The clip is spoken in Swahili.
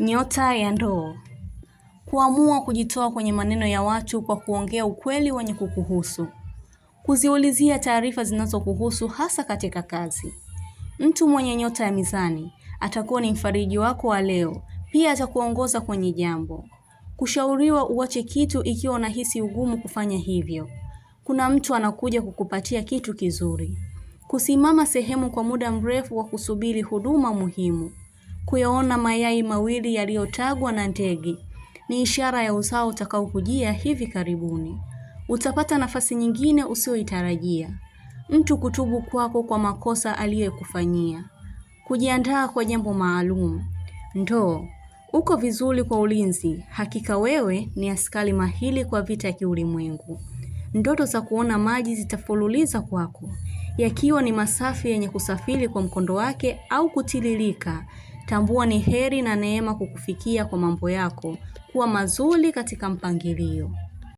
Nyota ya ndoo. Kuamua kujitoa kwenye maneno ya watu kwa kuongea ukweli wenye kukuhusu. Kuziulizia taarifa zinazokuhusu hasa katika kazi. Mtu mwenye nyota ya mizani atakuwa ni mfariji wako wa leo, pia atakuongoza kwenye jambo. Kushauriwa uache kitu ikiwa unahisi ugumu kufanya hivyo. Kuna mtu anakuja kukupatia kitu kizuri. Kusimama sehemu kwa muda mrefu wa kusubiri huduma muhimu kuyaona mayai mawili yaliyotagwa na ndege ni ishara ya uzao utakaokujia hivi karibuni. Utapata nafasi nyingine usiyoitarajia. Mtu kutubu kwako kwa makosa aliyokufanyia, kujiandaa kwa jambo maalum. Ndoo uko vizuri kwa ulinzi, hakika wewe ni askari mahili kwa vita ya kiulimwengu. Ndoto za kuona maji zitafululiza kwako, yakiwa ni masafi yenye kusafiri kwa mkondo wake au kutiririka Tambua ni heri na neema kukufikia kwa mambo yako. Kuwa mazuri katika mpangilio.